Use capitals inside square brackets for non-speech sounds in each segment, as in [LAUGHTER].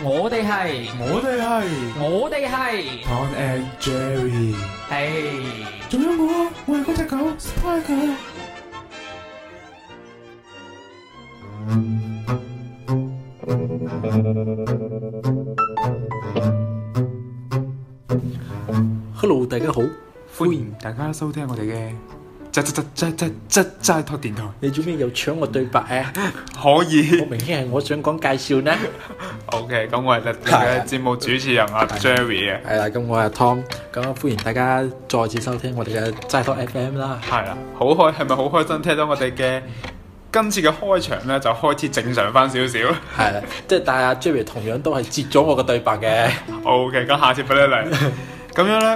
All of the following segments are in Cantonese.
我哋係，我哋係，我哋係。Tom and Jerry 係，仲有我，我係嗰隻狗，Spy 狗。Hello，大家好，歡迎大家收聽我哋嘅。齋齋齋齋齋齋齋托電台，你做咩又搶我對白啊？可以，我明顯係我想講介紹呢。O K，咁我係我哋嘅節目主持人阿 Jerry 啊，係啦，咁我係 Tom，咁歡迎大家再次收聽我哋嘅齋托 F M 啦。係啦，好開，係咪好開心？聽到我哋嘅今次嘅開場咧，就開始正常翻少少。係啦，即係但係阿 Jerry 同樣都係接咗我嘅對白嘅。O K，咁下次俾你嚟。咁樣咧，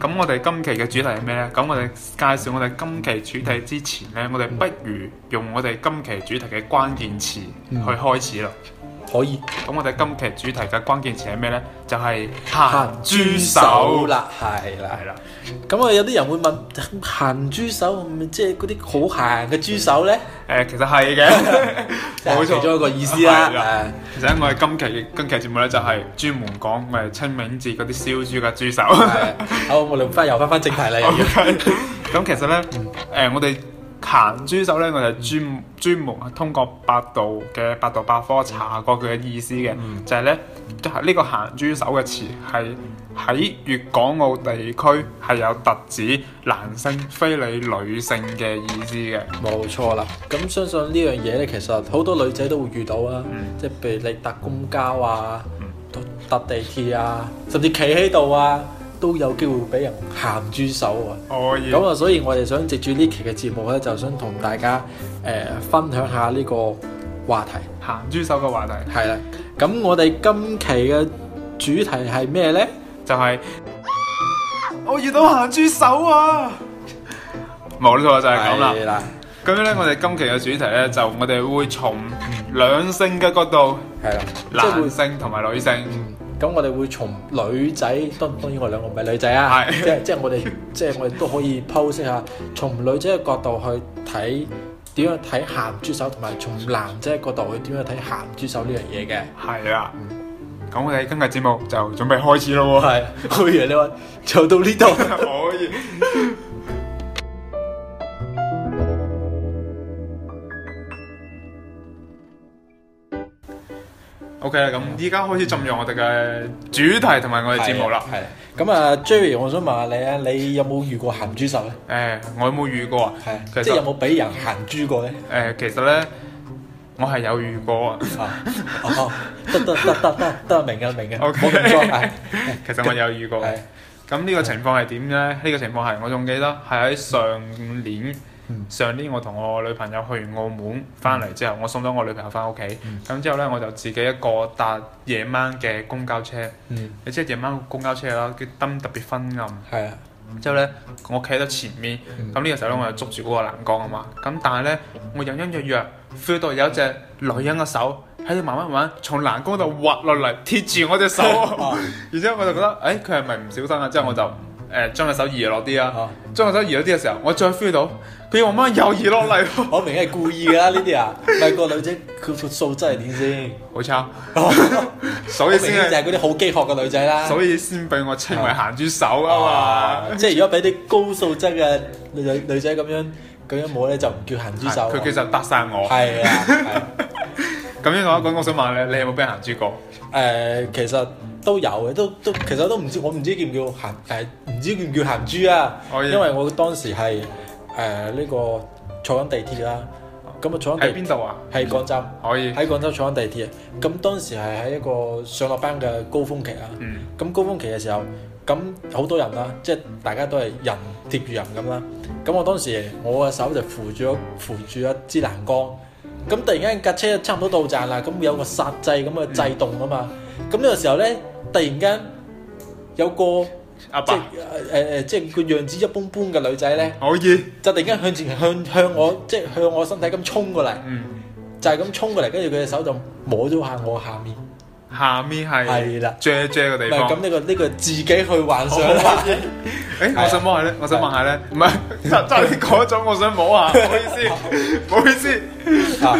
誒，咁、 [NOISE] 嗯、我哋今期嘅主題係咩咧？咁我哋介紹我哋今期主題之前咧，我哋不如用我哋今期主題嘅關鍵詞去開始啦。可以咁，我哋今期主題嘅關鍵詞係咩咧？就係、是、鹹豬手啦，係啦，係啦。咁啊，有啲人會問鹹豬手，咪即係嗰啲好鹹嘅豬手咧？誒，的其實係嘅，係 [LAUGHS] [LAUGHS] 其，其中一個意思啦、啊。其實我哋今期嘅今期節目咧，就係專門講咪清明節嗰啲燒豬嘅豬手。好，我哋翻又翻翻正題啦。咁 [LAUGHS] Okay. [LAUGHS] 其實咧，誒、呃，我哋。鹹豬手咧，我就專專門通過百度嘅百度百科查過佢嘅意思嘅，嗯、就係咧，呢、這個鹹豬手嘅詞係喺粵港澳地區係有特指男性非禮女性嘅意思嘅。冇錯啦，咁相信呢樣嘢咧，其實好多女仔都會遇到啊，即係譬如你搭公交啊、搭、嗯、地鐵啊，甚至企喺度啊。都有機會俾人鹹豬手啊！咁啊，所以我哋想藉住呢期嘅節目咧，就想同大家誒、呃、分享下呢個話題鹹豬手嘅話題。係啦，咁我哋今期嘅主題係咩呢？就係我遇到鹹豬手啊！冇錯啊，就係咁啦。咁樣咧，我哋今期嘅主題咧，就我哋會從兩性嘅角度，係啦，的男性同埋女性。咁我哋會從女仔，當然我兩個唔係女仔啊，是即係即係我哋，即係我哋 [LAUGHS] 都可以剖析下，從女仔嘅角度去睇點樣睇鹹豬手，同埋從男仔嘅角度去點樣睇鹹豬手呢樣嘢嘅。係啊，咁我哋今日節目就準備開始咯，我係、 [LAUGHS] 啊，好，你話做到呢度。可以。O K，咁依家開始浸入我哋嘅主題同埋我哋節目啦。係，咁啊，Jerry，我想問下你啊，你有冇遇過鹹豬手咧？誒，我有冇遇過啊？係，即係有冇俾人鹹豬過咧？誒，其實咧，我係有遇過啊。得得得得得得，得，明嘅明嘅。O K，冇錯其實我有遇過嘅。咁呢個情況係點咧？呢個情況係我仲記得係喺上年。上年我同我女朋友去澳門翻嚟之後，我送咗我女朋友翻屋企，咁、嗯、之後呢，我就自己一個搭夜晚嘅公交車。嗯、你知夜晚個公交車啦，啲燈特別昏暗。係啊，之後呢，我企喺度前面，咁呢、嗯、個時候呢，我就捉住嗰個欄杆啊嘛。咁、嗯、但係呢，我隱隱約約 feel 到有一隻女人嘅手喺度慢慢慢慢從欄杆度滑落嚟，貼住我隻手。嗯、 [LAUGHS] 然之後我就覺得，誒佢係咪唔小心啊？之後我就誒將隻手移落啲啦，將隻、啊、 [LAUGHS] 手移咗啲嘅時候，我再 feel 到。俾我媽友移落嚟？我明係故意噶啦，呢啲啊！但係、啊那個女仔佢個素質係點先？好差 抄， [LAUGHS] [LAUGHS] 啊、所以先係嗰啲好饑渴嘅女仔啦。 [LAUGHS] 所以先俾我稱為鹹豬手啊嘛！ [LAUGHS] 即係如果俾啲高素質嘅女女仔咁樣咁樣冇咧，就唔叫鹹豬手。佢其實搭曬我。係啊。咁樣同我講，我想問你，你有冇俾人鹹豬過？誒、 [LAUGHS] 呃，其實都有嘅，都都其實都唔知，我唔知叫唔叫鹹誒，唔知叫唔叫鹹豬啊？ [LAUGHS] 因為我當時係。誒呢、呃，這個坐緊地鐵啦，咁啊、嗯、坐緊喺邊度啊？喺廣州，可以喺廣州坐緊地鐵。咁當時係喺一個上落班嘅高峰期啊，咁、嗯、高峰期嘅時候，咁好多人啦，即係大家都係人貼住人咁啦。咁我當時我嘅手就扶住、嗯、扶住一支欄杆，咁突然間架車差唔多到站啦，咁有個煞掣咁嘅制動啊嘛。咁呢、嗯、個時候咧，突然間有個。阿爸，誒誒、呃，即係個樣子一般般嘅女仔咧，可以，就突然間向前向向我，即係向我身體咁衝過嚟，mm. 就係咁衝過嚟，跟住佢隻手就摸咗下我下面。下面係遮遮嘅地方。咁呢個呢個自己去幻想。誒，我想問下咧，我想問下咧，唔係，即係你講咗，我想摸下，唔好意思，唔好意思。啊，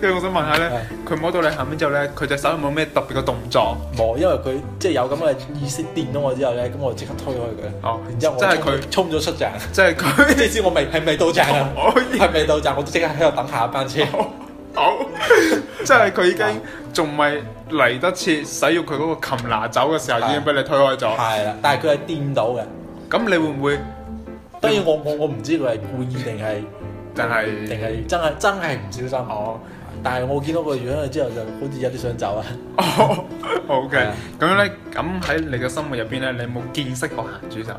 跟住我想問下咧，佢摸到你下面之後咧，佢隻手有冇咩特別嘅動作？冇，因為佢即係有咁嘅意識電到我之後咧，咁我即刻推開佢。哦，然之後即係佢衝咗出站。即係佢，即知我未係未到站啊！我未到站，我都即刻喺度等下一班車。好， [LAUGHS] 即係佢已經仲未嚟得切使用佢嗰個擒拿走嘅時候，已經俾你推開咗了。係啦、嗯，但係佢係掂到嘅。咁你會唔會？當然我，我我我唔知佢係故意定係，定係定係真係是真係唔小心哦。 [LAUGHS] 但係我見到個樣之後，就好似有啲想走啊。哦、oh，OK 咁樣咧，咁喺你嘅生活入邊咧，你有冇見識過鹹豬手？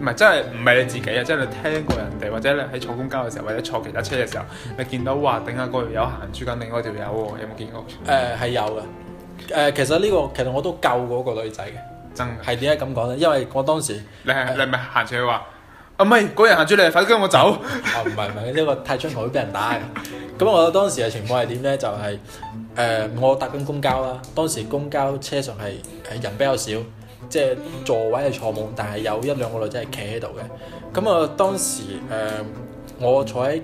唔係，真係唔係你自己啊！即係你聽過人哋，或者你喺坐公交嘅時候，或者坐其他車嘅時候，你見到話頂下個條友鹹住緊，另外一條友喎？有冇見過？誒係、呃、有嘅。誒、呃，其實呢、這個其實我都救過個女仔嘅。真係點解咁講咧？因為我當時你係是、呃、你係咪行住去話？啊唔係，嗰人行出嚟，快啲跟我走！啊，唔係唔係，呢 [LAUGHS] 個太出海俾人打嘅。咁我當時嘅情況係點咧？就係誒，我搭緊公交啦。當時公交車上係誒人比較少，即係座位係坐滿，但係有一兩個女仔係企喺度嘅。咁啊，當時誒我坐喺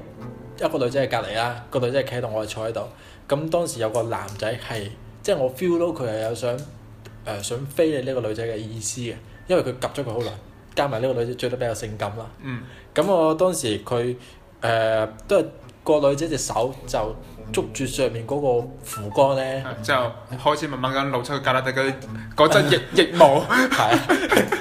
一個女仔嘅隔籬啦，個女仔企喺度，我係坐喺度。咁當時有個男仔係，即係我 feel 到佢係有想誒想飛你呢個女仔嘅意思嘅，因為佢夾咗佢好耐。加埋呢個女仔著得比較性感啦，嗯，咁我當時佢誒、呃、都係個女仔隻手就，捉住上面嗰個扶杆咧，之後開始慢慢咁露出格肋底嗰啲嗰陣翼翼毛，係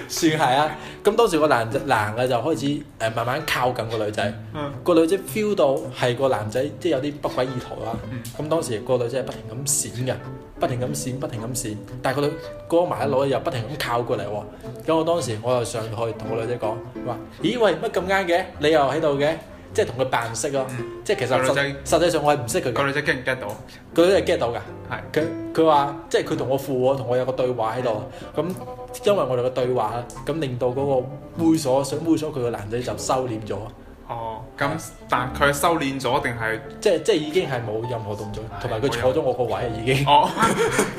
算係啊！咁異露、 [LAUGHS] [LAUGHS] 啊、當時個男男嘅就開始誒慢慢靠近個女仔，嗯、個女仔 feel 到係個男仔即係有啲不軌意圖啦、啊。咁、嗯、當時個女仔係不停咁閃嘅，不停咁閃，不停咁閃，但係個女哥埋一攞又不停咁靠過嚟喎、啊。咁我當時我又上去同個女仔講，話咦喂乜咁啱嘅，你又喺度嘅？即係同佢扮唔識咯，即係其實實實際上我係唔識佢嘅。個女仔驚唔驚到？佢都係驚到㗎。係佢佢話，即係佢同我附和，同我有個對話喺度。咁因為我哋嘅對話，咁令到嗰個猥瑣想猥瑣佢嘅男仔就收斂咗。哦，咁但係佢收斂咗定係即係即係已經係冇任何動作，同埋佢坐咗我個位已經。哦，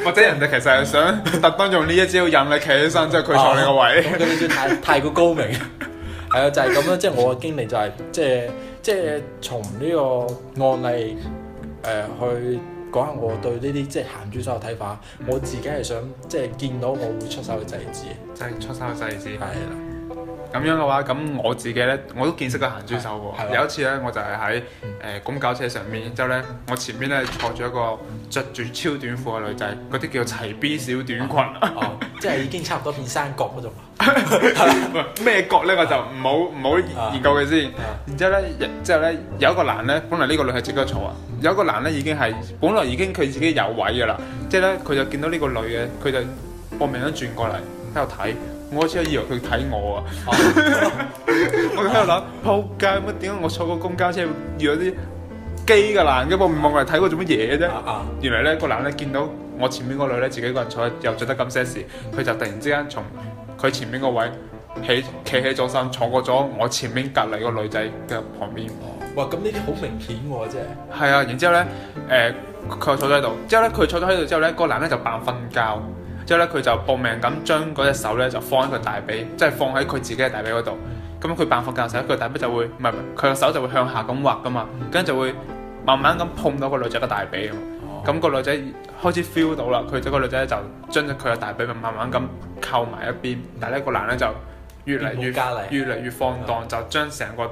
或者人哋其實係想特登用呢一招引你企起身，即係佢坐你個位。咁佢呢啲太過高明。係啊，就係咁啦，即係我嘅經歷就係，即係即係從呢個案例誒去講下我對呢啲即係鹹豬手嘅睇法。我自己係想即係見到我會出手嘅制止，即係出手嘅制止。係啦，咁樣嘅話，咁我自己咧我都見識過鹹豬手喎。有一次咧，我就係喺誒公交車上面，之後咧我前面咧坐住一個着住超短褲嘅女仔，嗰啲叫齊 B 小短裙。即係已經差唔多變山角嗰種，咩角咧我就唔好唔 [LAUGHS] 好研究佢先。 [MUSIC] 然之後咧，之後咧有一個男咧，本嚟呢個女係值得坐啊。有一個男咧已經係本來已經佢自己有位㗎喇， [MUSIC] 即係咧佢就見到呢個女嘅，佢就搏命咁轉過嚟喺度睇，我始終以為佢睇我啊。 [LAUGHS] [LAUGHS] 我喺度諗，撲街乜點解我坐個公交車遇到啲機嘅男嘅，搏命望嚟睇我做乜嘢啫？原來咧、這個男咧見到。我前面嗰女咧自己一個人坐，又著得咁些事，佢就突然之間從佢前面個位起企起咗身，坐過咗我前面隔離個女仔嘅旁邊。哇！咁呢啲好明顯喎、哦，真係。係啊，然，後呢、呃、然後呢之後咧，誒佢坐咗喺度，之後咧佢坐咗喺度之後咧，個男咧就扮瞓覺，之後咧佢就搏命咁將嗰隻手咧就放喺佢大髀，即、就、係、是、放喺佢自己嘅大髀嗰度。咁佢扮瞓覺時，佢大髀就會唔係佢個手就會向下咁滑噶嘛，咁就會慢慢咁碰到個女仔嘅大髀。咁個女仔開始 feel 到啦，佢咁個女仔就將佢嘅大髀咪慢慢咁扣埋一邊，但係呢個男呢就越嚟越加越嚟越放蕩，嗯、就將成個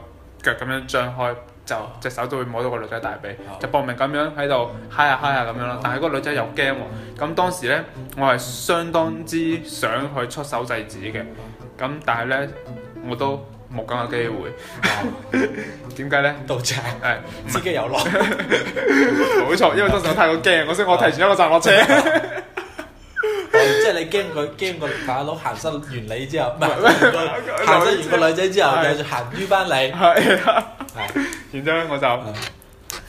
腳咁樣張開，就隻、嗯、手都會摸到個女仔大髀，嗯、就搏命咁樣喺度嗨呀嗨呀咁樣咯。嗯、但係個女仔又驚喎、哦，咁、嗯、當時呢，我係相當之想去出手制止嘅，咁但係呢，我都，冇咁嘅機會，點解咧？倒車，誒，自己有落，冇錯，因為當時我太過驚，我識我提前一個站落車，即係你驚佢驚個發廊佬行失完你之後，唔係行失完個女仔之後，繼續鹹豬班你，係，然之後我就，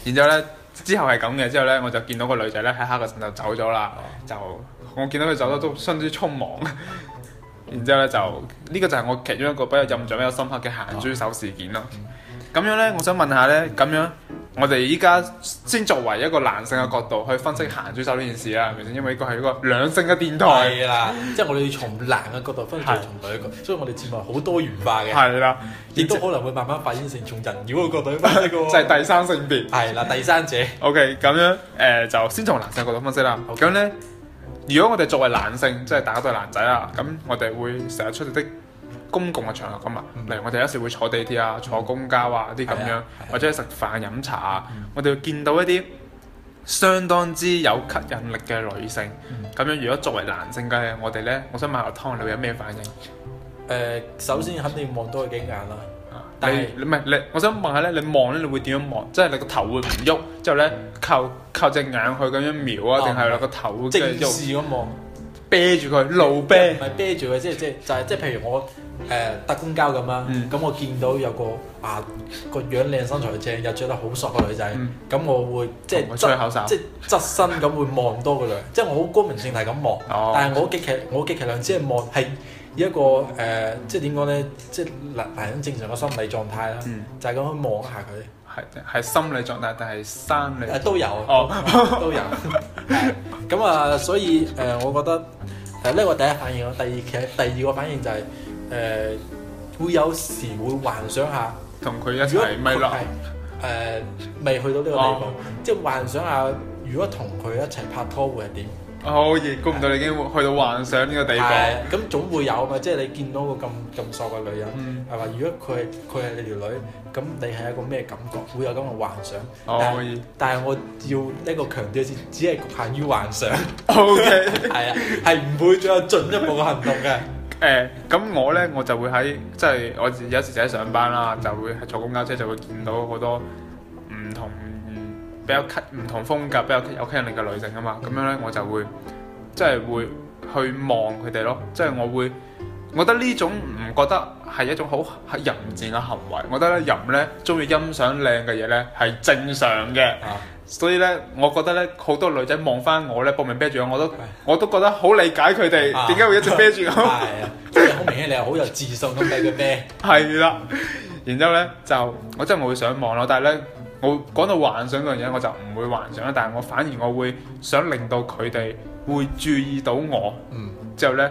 然之後咧，之後係咁嘅，之後咧，我就見到個女仔咧喺黑嘅時候走咗啦，就我見到佢走得都相當之匆忙。然之後咧就呢、呢個就係我其中一個比較印象比較深刻嘅鹹豬手事件咯。咁、哦、樣呢，我想問下呢，咁樣我哋依家先作為一個男性嘅角度去分析鹹豬手呢件事其實啊，因為呢個係一個兩性嘅電台。啦了， [LAUGHS] 即係我哋從男嘅角度分析從角度，從女嘅，所以我哋節目好多元化嘅。係啦了，亦都可能會慢慢發展成從人妖嘅角度，即係 [LAUGHS] 第三性別。係啦，第三者。OK，咁樣誒、呃、就先從男性角度分析啦。咁呢。如果我哋作為男性，即係大家都係男仔啦，咁我哋會成日出席啲公共嘅場合咁啊，例如我哋有時會坐地鐵啊、坐公交啊啲咁樣，嗯嗯嗯、或者去食飯飲茶啊，嗯、我哋會見到一啲相當之有吸引力嘅女性，咁、嗯、樣如果作為男性嘅我哋呢。我想問下個湯，你會有咩反應？誒、呃，首先肯定望多佢幾眼啦。你唔係你，我想問下咧，你望咧，你會點樣望？即係你個頭會唔喐？之後咧，靠靠隻眼去咁樣瞄啊，定係個頭直視咁望，啤住佢，露啤。唔係啤住佢，即係即係就係即係譬如我誒搭公交咁啦，咁我見到有個啊個樣靚、身材正又着得好索嘅女仔，咁我會即係側即係側身咁會望多個女，即係我好光明正大咁望。但係我極其我極其量只係望係。一個誒、呃，即係點講咧？即係嗱，係一種正常嘅心理狀態啦。嗯、就係咁去望下佢，係係心理狀態，但係生理都有。哦哦、都有。咁啊、 [LAUGHS] 呃，所以誒、呃，我覺得誒呢、呃這個第一反應，我、這個、第二其實第二個反應就係、是、誒、呃、會有時會幻想下同佢一齊。咪果佢係未去到呢個地步，哦、即係幻想下，如果同佢一齊拍拖會係點？好，亦估唔到你已經去到幻想呢個地方。咁總會有嘛，即係你見到個咁咁傻嘅女人，係話、嗯、如果佢佢係你條女，咁你係一個咩感覺？會有咁嘅幻想。哦。可以。但係我要呢個強調只係局限於幻想。O Okay . K。 [LAUGHS] 係啊，係唔會再有進一步嘅行動嘅。誒、 [LAUGHS] 呃，咁我咧我就會喺即係我有時就喺上班啦，就會係坐公交車就會見到好多唔同，比較唔同風格，比較有吸引力嘅女性啊嘛，咁樣咧我就會即係會去望佢哋咯，即係我會，我覺得呢種唔覺得係一種好淫賤嘅行為，我覺得咧淫咧中意欣賞靚嘅嘢咧係正常嘅，所以咧我覺得咧好多女仔望翻我咧搏命啤住，我都我都覺得好理解佢哋點解會一直啤住。係啊，即係好明顯你係好有自信咁繼續咩？係啦，然之後咧就我真係冇想望咯，但係咧。我講到幻想嗰樣嘢，我就唔會幻想啦。但係我反而我會想令到佢哋會注意到我。嗯、之後呢，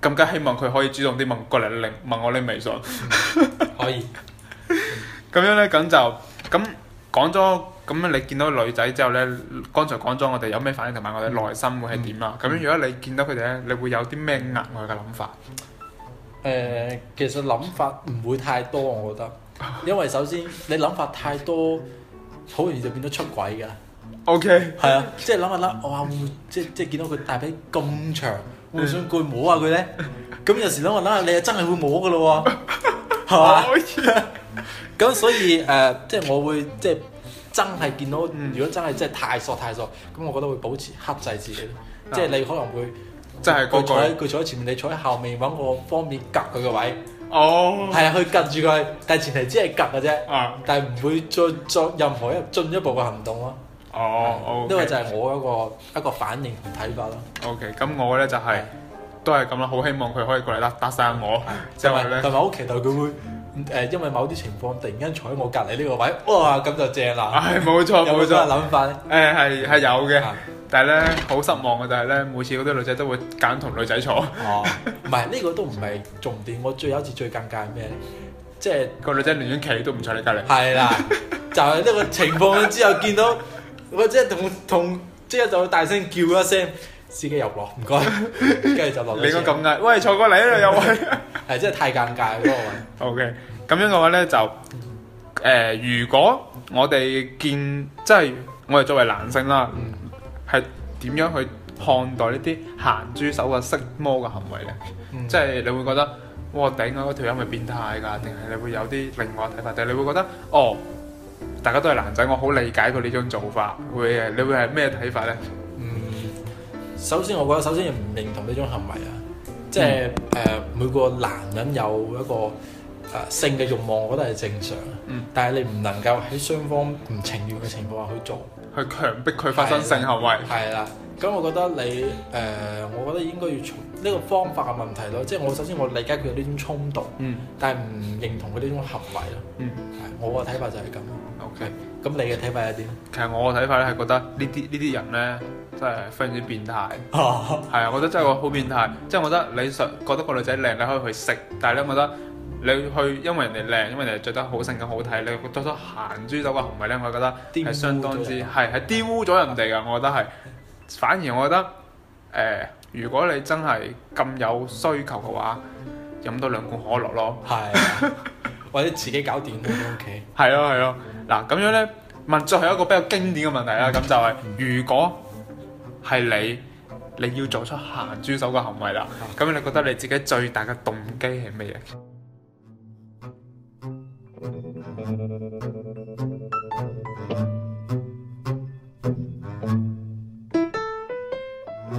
更加希望佢可以主動啲問過嚟，聯問我拎微信、嗯。可以。咁 [LAUGHS] 樣呢，咁就咁講咗。咁啊，你見到女仔之後呢，剛才講咗我哋有咩反應同埋我哋內心會係點啊。咁樣、嗯，嗯、如果你見到佢哋呢，你會有啲咩額外嘅諗法？誒、呃，其實諗法唔會太多，我覺得。因為首先你諗法太多，好容易就變咗出軌噶。O K，係啊，即係諗下諗，哇，會即係即係見到佢大髀咁長，會唔會想過摸下佢咧？咁有時諗下諗下，你又真係會摸噶咯喎，係嘛？咁所以誒、呃，即係我會即係真係見到，如果真係真係太索太索，咁我覺得會保持克制自己。嗯、即係你可能會，即係佢坐喺佢坐喺前面，你坐喺後面揾個方便夾佢嘅位。哦，係啊、oh.，佢隔住佢，但係前提只係隔嘅啫，uh. 但係唔會再作任何一進一步嘅行動咯。哦，因為就係我一個一個反應同睇法咯、啊。OK，咁我咧就係、是、的都係咁啦，好希望佢可以過嚟啦，搭曬我，啊、之後咧同埋好期待佢會。誒，因為某啲情況突然間坐喺我隔離呢個位，哇，咁就正啦。係冇錯冇錯， [LAUGHS] 有啲諗法。誒係係有嘅、啊，但係咧好失望嘅就係咧，每次好多女仔都會揀同女仔坐。哦、啊，唔係呢個都唔係重點。我最有一次最尷尬係咩咧？即、就、係、是、個女仔寧願企都唔坐你隔離。係 [LAUGHS] 啦，就係、是、呢個情況之後見到我即刻同同，同即刻就會大聲叫一聲。司機又落唔該，跟住就落。就你該咁嗌，喂坐過嚟啊！ [LAUGHS] 你又喂，係真係太尷尬嗰個位。OK，咁樣嘅話咧就誒、呃，如果我哋見即係我哋作為男性啦，係點樣去看待呢啲鹹豬手嘅色魔嘅行為咧？嗯、即係你會覺得哇頂啊！嗰條友咪變態㗎，定係你會有啲另外嘅睇法？定係你會覺得哦，大家都係男仔，我好理解佢呢種做法。會，會你會係咩睇法咧？首先，我覺得首先唔認同呢種行為啊，即係誒、嗯呃、每個男人有一個誒、呃、性嘅慾望，我覺得係正常。嗯。但係你唔能夠喺雙方唔情願嘅情況下去做，去強迫佢發生性行為。係啦。咁我覺得你誒、呃，我覺得應該要從呢、呢個方法嘅問題咯。即係我首先我理解佢有呢種衝動。嗯。但係唔認同佢呢種行為咯。嗯。我個睇法就係咁 OK。咁 Okay. 你嘅睇法係點？其實我嘅睇法咧係覺得人呢啲呢啲人咧。真係非常之變態，係啊！ [LAUGHS] 我覺得真係好變態。即、就、係、是、我覺得你想覺得個女仔靚，你可以去食，但係咧，我覺得你去因為人哋靚，因為人哋着得好性感咁好睇，你多咗鹹豬手嘅行為咧，我覺得係相當之係係玷污咗人哋嘅。我覺得係，反而我覺得誒、欸，如果你真係咁有需求嘅話，飲多兩罐可樂咯，係或者自己搞掂都 OK。係咯係咯，嗱咁樣咧問最後一個比較經典嘅問題啦，咁就係、是、如果。係你，你要做出鹹豬手嘅行為啦。咁、啊、你覺得你自己最大嘅動機係咩嘢？誒、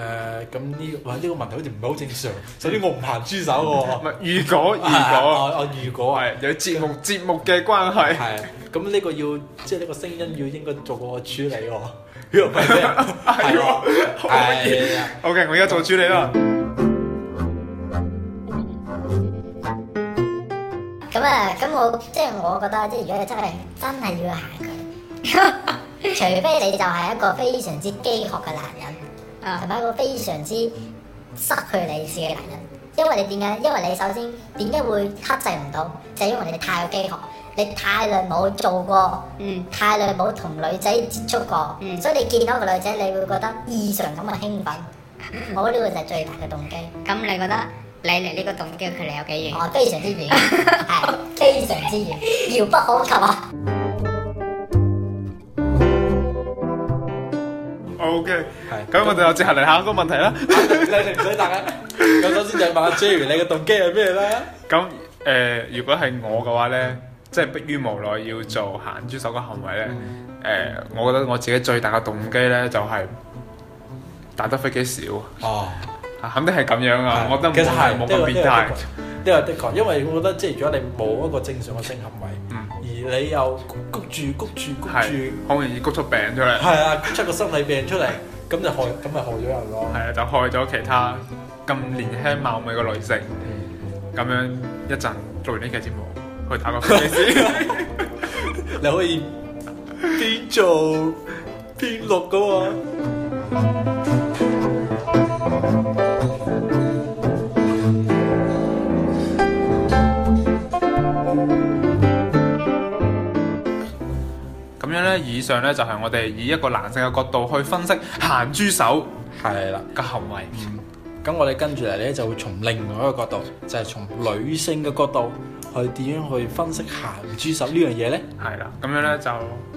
呃，咁呢、這個，呢、這個問題好似唔係好正常。首先我唔鹹豬手喎、啊， [LAUGHS] 如果，如果，啊啊啊、我如果係有節目節、啊、目嘅關係，係、啊，咁呢個要，即係呢個聲音要應該做個處理喎、啊。係，OK 我而家做住你啦。咁 [NOISE] 啊樂，咁我即係我覺得，即係如果你真係真係要行佢， [LAUGHS] 除非你就係一個非常之飢渴嘅男人，同埋 [LAUGHS] 一個非常之失去理智嘅男人。因為你點解？因為你首先點解會克制唔到，就係、是、因為你哋太飢渴。你太耐冇做過，太耐冇同女仔接觸過，所以你見到個女仔你會覺得異常咁嘅興奮，我呢個就係最大嘅動機。咁你覺得你離呢個動機距離有幾遠？哦，非常之遠，係非常之遠，遙不可及啊！O K，係咁，我哋又接下嚟下一個問題啦。唔使，唔使答啊，咁首先就問阿 J Y，你嘅動機係咩咧？咁誒，如果係我嘅話咧？即係迫於無奈要做鹹豬手嘅行為咧，誒，我覺得我自己最大嘅動機咧就係打得飛機少哦，肯定係咁樣啊，我覺得其實係冇咁變態，因為的確，因為我覺得即係如果你冇一個正常嘅性行為，而你又谷住谷住谷住，好容易谷出病出嚟，係啊，谷出個心理病出嚟，咁就害，咁咪害咗人咯，係啊，就害咗其他咁年輕貌美嘅女性，咁樣一陣做完呢期節目。可打個你可以邊做邊錄噶喎。咁樣呢，以上呢，就係我哋以一個男性嘅角度去分析鹹豬手，係啦嘅行為。咁 [LAUGHS] 我哋跟住嚟呢，就會從另外一個角度，就係從女性嘅角度。去點樣去分析鹹豬手呢樣嘢呢？係啦，咁樣呢就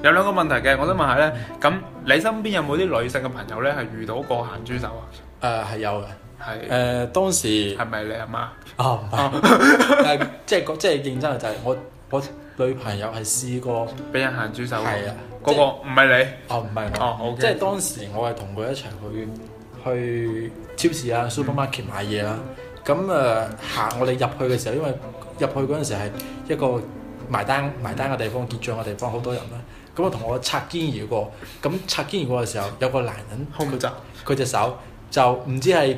有兩個問題嘅，我想問下呢，咁你身邊有冇啲女性嘅朋友呢？係遇到過鹹豬手啊？誒係有嘅，係誒當時係咪你阿媽？哦，唔係，即係即係認真嘅就係我我女朋友係試過俾人鹹豬手，係啊，嗰個唔係你，哦唔係，哦，即係當時我係同佢一齊去去超市啊，supermarket 買嘢啦。咁誒行我哋入去嘅時候，因為入去嗰陣時係一個埋單埋單嘅地方，結賬嘅地方，好多人啦。咁我同我擦肩而過，咁擦肩而過嘅時候有個男人，好唔好？佢隻手就唔知係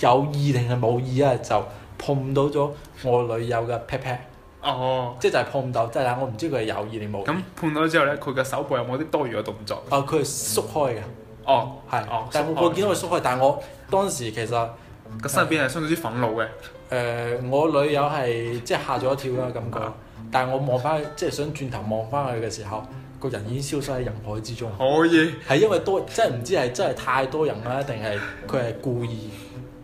有意定係冇意啊，就碰到咗我女友嘅 pat pat 哦，即係就係碰唔到，即係我唔知佢係有意定冇意。咁碰到之後咧，佢嘅手部有冇啲多餘嘅動作？哦，佢係縮開嘅。哦，係哦。但我見到佢縮開，但係我當時其實個身入邊係相當之憤怒嘅。誒，uh, 我女友係即係嚇咗一跳啦，感覺。是啊、但係我望翻，即係想轉頭望翻去嘅時候，個人已經消失喺人海之中。可以係因為多，即係唔知係真係太多人啦，定係佢係故意？ [LAUGHS]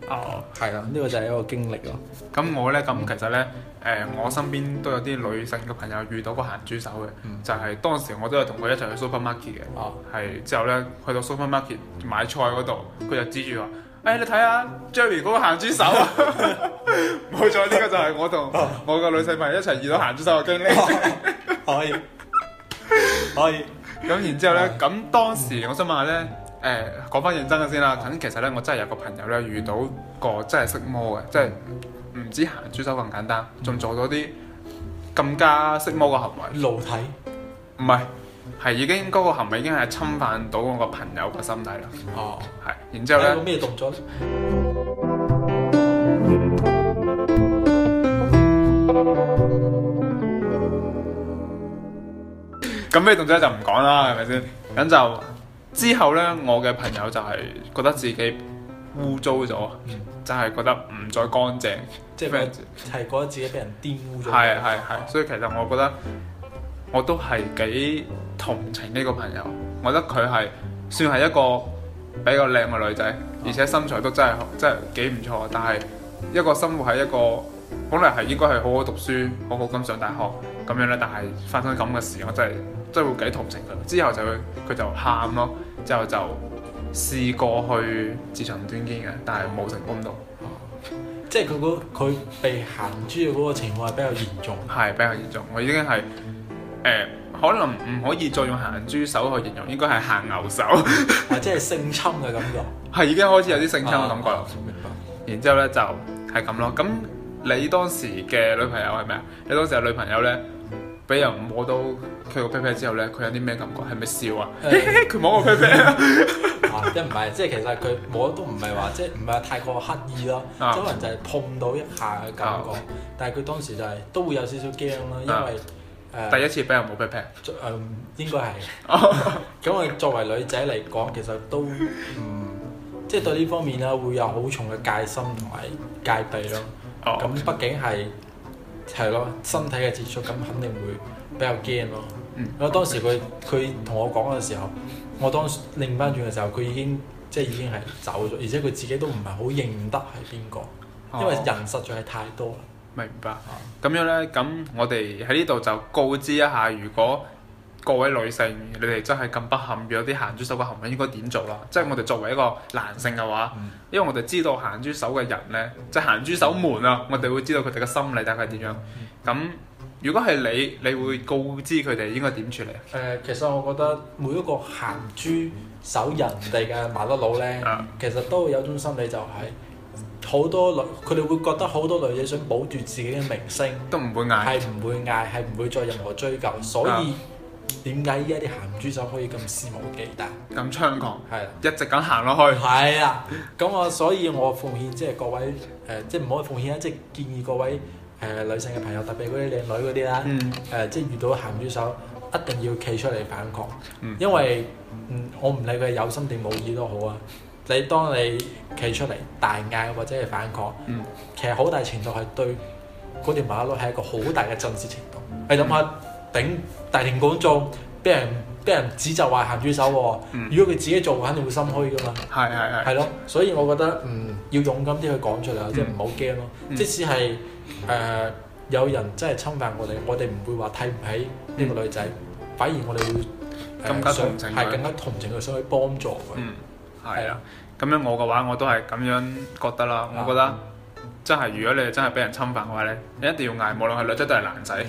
哦，係啦、啊，呢、這個就係一個經歷咯。咁、嗯、我呢，咁其實呢，誒、呃，我身邊都有啲女性嘅朋友遇到過鹹豬手嘅，嗯、就係當時我都係同佢一齊去 supermarket 嘅，哦、啊，係之後呢，去到 supermarket 買菜嗰度，佢就指住話。誒、欸，你睇下 Jerry 嗰個咸豬手啊，冇 [LAUGHS] 錯，呢、這個就係我,我同我個女仔朋友一齊遇到咸豬手嘅經歷。 [LAUGHS] [LAUGHS] 可以，可以。咁然之後咧，咁、嗯、當時我想問下咧，誒、欸，講翻認真嘅先啦。咁其實咧，我真係有個朋友咧遇到過真係色魔嘅，即係唔止咸豬手咁簡單，仲做咗啲更加色魔嘅行為。露體？唔係。係已經嗰、那個行為已經係侵犯到我個朋友個心底啦。哦，係，然之後咧咩動作？咁咩動作就唔講啦，係咪先？咁就之後咧，我嘅朋友就係覺得自己污糟咗，mm hmm. 就係覺得唔再乾淨，即係俾人係覺得自己俾人玷污咗。係係係，oh. 所以其實我覺得我都係幾。同情呢個朋友，我覺得佢係算係一個比較靚嘅女仔，啊、而且身材都真係真係幾唔錯。但係一個生活喺一個本來係應該係好好讀書、好好咁上大學咁樣咧，但係發生咁嘅事，我真係真係會幾同情佢。之後就佢佢就喊咯，之後就試過去自尋短見嘅，但係冇成功到。啊、即係佢個佢被行豬嘅嗰個情況係比較嚴重，係比較嚴重。我已經係誒。欸可能唔可以再用咸豬手去形容，應該係咸牛手，或者係性侵嘅感覺。係 [LAUGHS] 已經開始有啲性侵嘅感覺、啊。明白。然之後咧就係、是、咁咯。咁你當時嘅女朋友係咩啊？你當時嘅女朋友咧，俾人摸到佢個屁屁之後咧，佢有啲咩感覺？係咪笑啊？佢、欸、 [LAUGHS] 摸我屁屁 [LAUGHS] 啊？即唔係，即其實佢摸都唔係話，即唔係太過刻意咯。可能就係碰到一下嘅感覺，啊、但係佢當時就係、是、都會有少少驚咯，因為。第一次俾人冇俾劈，嗯，應該係。咁 [LAUGHS] [LAUGHS] 我作為女仔嚟講，其實都唔 [LAUGHS] 即係對呢方面啦，會有好重嘅戒心同埋戒備咯。咁、oh, okay. 畢竟係係咯身體嘅接觸，咁肯定會比較驚咯。我為 [LAUGHS] 當時佢佢同我講嘅時候，我當拎翻轉嘅時候，佢已經即係已經係走咗，而且佢自己都唔係好認得係邊個，oh. 因為人實在係太多啦。明白啊！咁樣呢，咁我哋喺呢度就告知一下，如果各位女性你哋真係咁不幸遇到啲鹹豬手嘅行為，應該點做咯？即係我哋作為一個男性嘅話，嗯、因為我哋知道鹹豬手嘅人呢，即係鹹豬手門啊，嗯、我哋會知道佢哋嘅心理大概點樣。咁、嗯、如果係你，你會告知佢哋應該點處理？誒、呃，其實我覺得每一個鹹豬手人哋嘅麻甩佬呢，嗯、其實都係有種心理就係、是。好多女，佢哋會覺得好多女仔想保住自己嘅名聲，都唔會嗌，係唔會嗌，係唔會再任何追究。所以點解而家啲鹹豬手可以咁肆無忌憚、咁猖狂，係的一直咁行落去。係啊，咁我所以我奉獻即係、就是、各位誒，即係唔可以奉獻啊，即、就、係、是、建議各位誒、呃、女性嘅朋友，特別嗰啲靚女嗰啲啦，誒即係遇到鹹豬手，一定要企出嚟反抗，嗯、因為嗯我唔理佢有心定冇意都好啊。你當你企出嚟大嗌或者係反抗，嗯、其實好大程度係對嗰條馬路係一個好大嘅震盪程度。嗯、你諗下，頂大庭廣眾，俾人俾人指責話鹹豬手喎，嗯、如果佢自己做，肯定會心虛噶嘛。係係咯。所以我覺得，嗯，要勇敢啲去講出嚟，即係唔好驚咯。嗯、即使係誒、呃、有人真係侵犯我哋，我哋唔會話睇唔起呢個女仔、嗯呃，反而我哋會係更加同情佢，更加同情佢，想去幫助佢。嗯係啊，咁樣我嘅話我都係咁樣覺得啦。我覺得真係，如果你真係俾人侵犯嘅話咧，你一定要嗌，無論係女仔都係男仔，一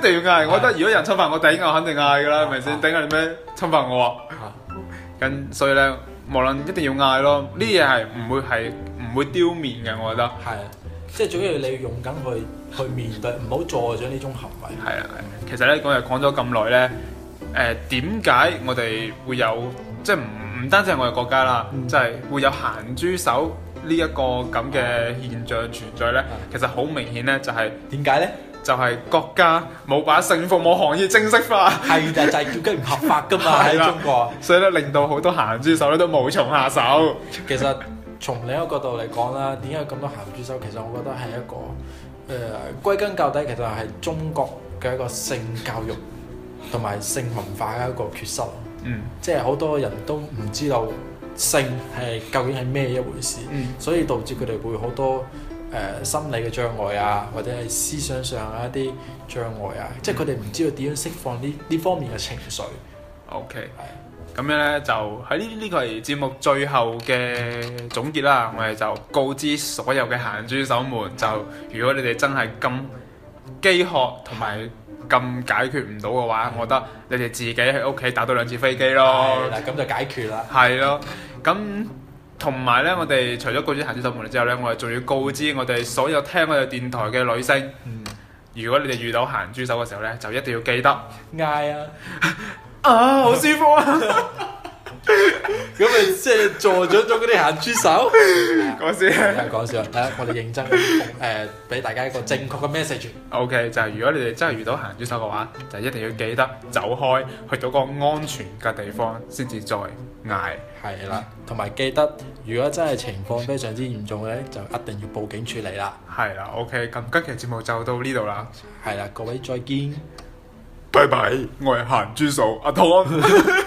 定要嗌。我覺得如果有人侵犯我，第一嗌肯定嗌㗎喇，咪先？等下你咩侵犯我？啊。咁所以咧，無論一定要嗌咯。呢嘢係唔會係唔會丟面嘅，我覺得。係，即係最緊要你用緊去去面對，唔好助長呢種行為。係啊，其實咧講嚟咗咁耐咧，誒點解我哋會有？即係唔唔單止係我哋國家啦，嗯、就係會有鹹豬手呢一個咁嘅現象存在呢、嗯、其實好明顯、就是、呢，就係點解呢？就係國家冇把性服務行業正式化，係就係叫雞唔合法噶嘛喺 [LAUGHS] 的中國。所以咧，令到好多鹹豬手咧都無從下手。其實從 [LAUGHS] 另一個角度嚟講啦，點解咁多鹹豬手？其實我覺得係一個誒，歸、呃、根究底其實係中國嘅一個性教育同埋性文化嘅一個缺失。嗯，即係好多人都唔知道性係究竟係咩一回事，嗯、所以導致佢哋會好多誒、呃、心理嘅障礙啊，或者係思想上啊一啲障礙啊，嗯、即係佢哋唔知道點樣釋放呢呢、嗯、方面嘅情緒。OK，咁樣呢，就喺呢呢個係節目最後嘅總結啦，我哋就告知所有嘅鹹豬手們，就如果你哋真係咁飢渴同埋。咁解決唔到嘅話，嗯、我覺得你哋自己喺屋企打多兩次飛機咯。咁就解決啦。係咯，咁同埋呢，我哋除咗告知鹹豬手門之後呢，我哋仲要告知我哋所有聽我哋電台嘅女性，如果你哋遇到鹹豬手嘅時候呢，就一定要記得嗌啊， [LAUGHS] 啊，好舒服啊！ [LAUGHS] [LAUGHS] 咁咪即係助長咗嗰啲鹹豬手？講、 [LAUGHS] 啊、笑，講笑。嚟、啊，我哋認真誒，俾、嗯呃、大家一個正確嘅 message。OK，就係如果你哋真係遇到鹹豬手嘅話，就一定要記得走開，去到個安全嘅地方先至再挨。係啦、 [LAUGHS] 啊，同埋記得，如果真係情況非常之嚴重嘅咧，就一定要報警處理啦。係啦，OK，咁今期節目就到呢度啦。係啦，各位再見，拜拜。我係鹹豬手阿湯。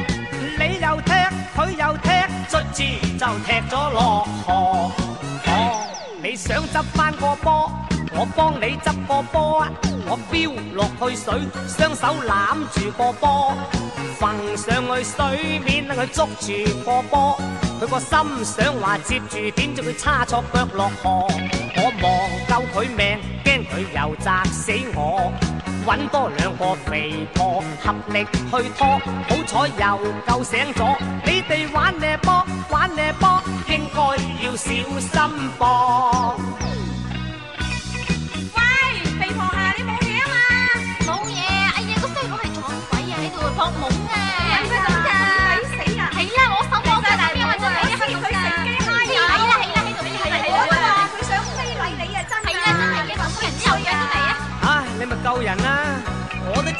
就踢咗落河，你想執返個波，我幫你執個波，我飆落去水，雙手攬住個波，浮上去水面佢捉住個波、波，佢個心想話接住，點知佢差錯腳落河，我望救佢命，驚佢又砸死我。揾多兩個肥婆合力去拖，好彩又救醒咗。你哋玩呢波，玩呢波，應該要小心噃。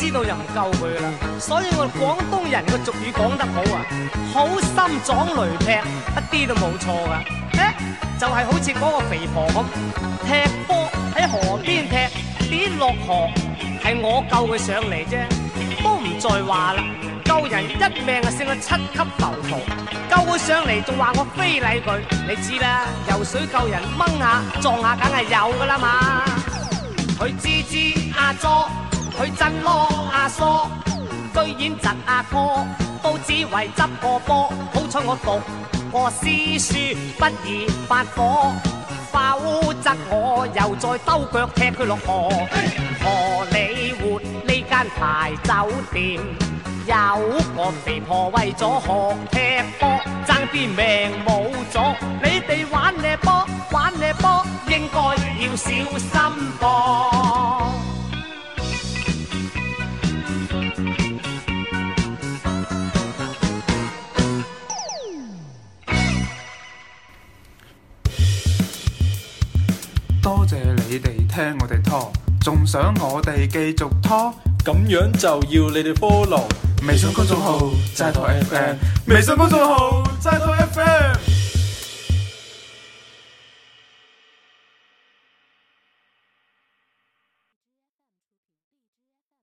知道又唔救佢啦，所以我哋廣東人個俗語講得好啊，好心撞雷劈，一啲都冇錯噶，誒，就係、是、好似個肥婆咁、那個，踢波喺河邊踢跌落河，係我救佢上嚟啫，都唔再話啦，救人一命啊勝過七級浮屠，救佢上嚟仲話我非禮佢，你知啦，游水救人掹下撞下梗係有噶啦嘛，佢吱吱阿。佢震阿叔、啊，居然窒阿、啊、哥，都只為執個波。好彩我讀過詩書，思思不易發火，否則我又再兜腳踢佢落河。荷 [LAUGHS] 里活呢間大酒店，有個地婆為咗學踢波，爭啲命冇咗。你哋玩咩波，玩咩波，應該要小心噃。你哋聽我哋拖，仲想我哋繼續拖，咁樣就要你哋 follow。微信公眾號齋拖 FM，微信公眾號齋拖 FM。